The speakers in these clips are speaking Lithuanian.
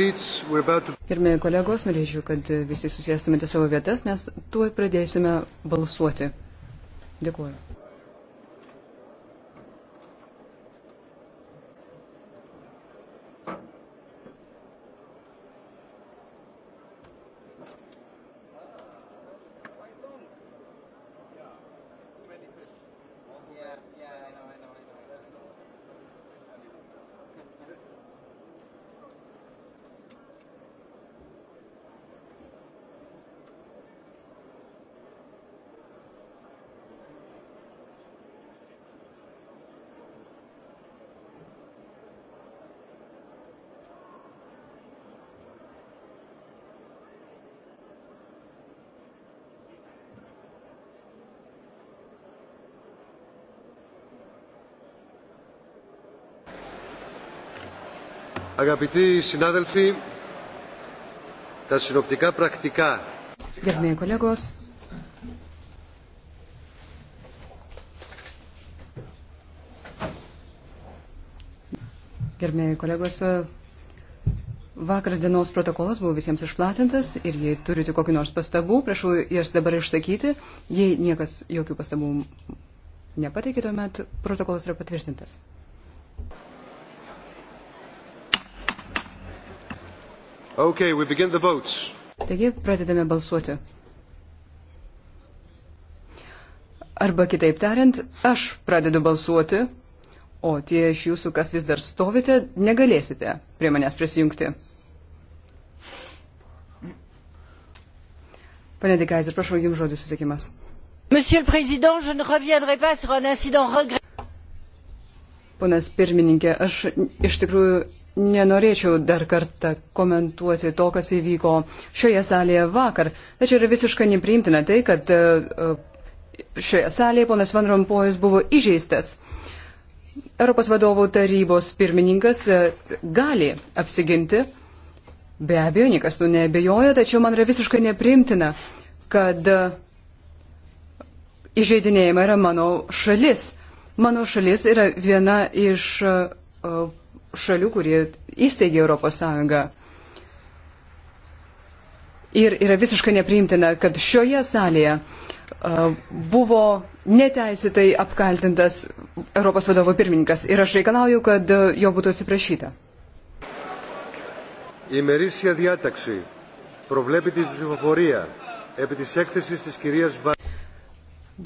To... Pirmieji kolegos, norėčiau, kad visi susėstumėte savo vietas, nes tuoj pradėsime balsuoti. Dėkuoju. Αγαπητοί συνάδελφοι, τα συνοπτικά πρακτικά. Gerbėjai kolegos, gerbėjai kolegos, vakar dienos protokolas buvo visiems išplatintas ir jei turite kokį nors pastabų, prašau jas dabar išsakyti. Jei niekas jokių pastabų nepateikė, tuomet protokolas yra patvirtintas. Okay, we begin the votes. Taigi, pradedame balsuoti. Arba kitaip tariant, aš pradedu balsuoti, o tie iš jūsų, kas vis dar stovite, negalėsite prie manęs prisijungti. Pane Dekaiser, prašau, jums žodžių susiekimas. Ponas pirmininkė, aš iš tikrųjų nenorėčiau dar kartą komentuoti to, kas įvyko šioje salėje vakar. Tačiau yra visiškai nepriimtina tai, kad e, šioje salėje ponas Van Rompojus buvo įžeistas. Europos vadovų tarybos pirmininkas e, gali apsiginti. Be abejo, niekas tu nebejoja, tačiau man yra visiškai nepriimtina, kad e, įžeidinėjama yra mano šalis. Mano šalis yra viena iš uh, šalių, kurie įsteigė Europos Sąjungą. Ir yra visiškai nepriimtina, kad šioje salėje buvo neteisėtai apkaltintas Europos vadovo pirmininkas. Ir aš reikalauju, kad jo būtų atsiprašyta. Η μερίσια διάταξη προβλέπει την ψηφοφορία επί της έκθεσης της κυρίας Βα...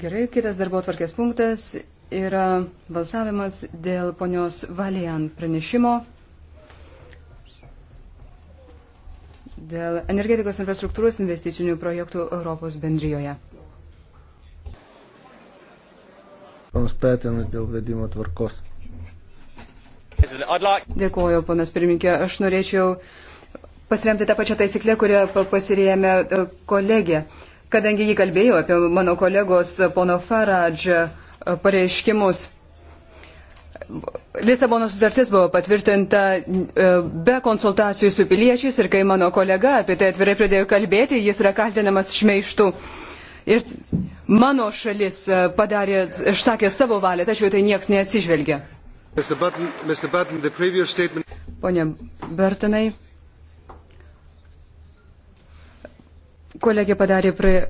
Gerai, kitas darbo tvarkės punktas yra balsavimas dėl ponios Valian pranešimo dėl energetikos infrastruktūros investicinių projektų Europos bendrijoje. Ponas Petinas dėl vedimo tvarkos. Dėkuoju, ponas pirminkė. Aš norėčiau pasiremti tą pačią taisyklę, kurią pasirėmė e, kolegė, kadangi jį kalbėjo apie mano kolegos pono Faradžą pareiškimus. Lisabono sutartis buvo patvirtinta e, be konsultacijų su piliečiais ir kai mano kolega apie tai atvirai pradėjo kalbėti, jis yra kaltinamas šmeištu. Ir mano šalis e, padarė, išsakė savo valią, tačiau tai niekas neatsižvelgia. Pone Bertinai, kolegė padarė e,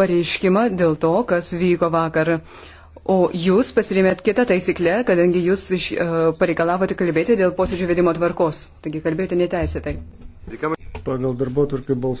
pareiškimą dėl to, kas vyko vakar. Uh, O jūs pasirėmėt kitą taisyklę, kadangi jūs iš, uh, pareikalavote kalbėti dėl posėdžio vedimo tvarkos. Taigi kalbėjote neteisėtai. Pagal darbo tvarkai balsų.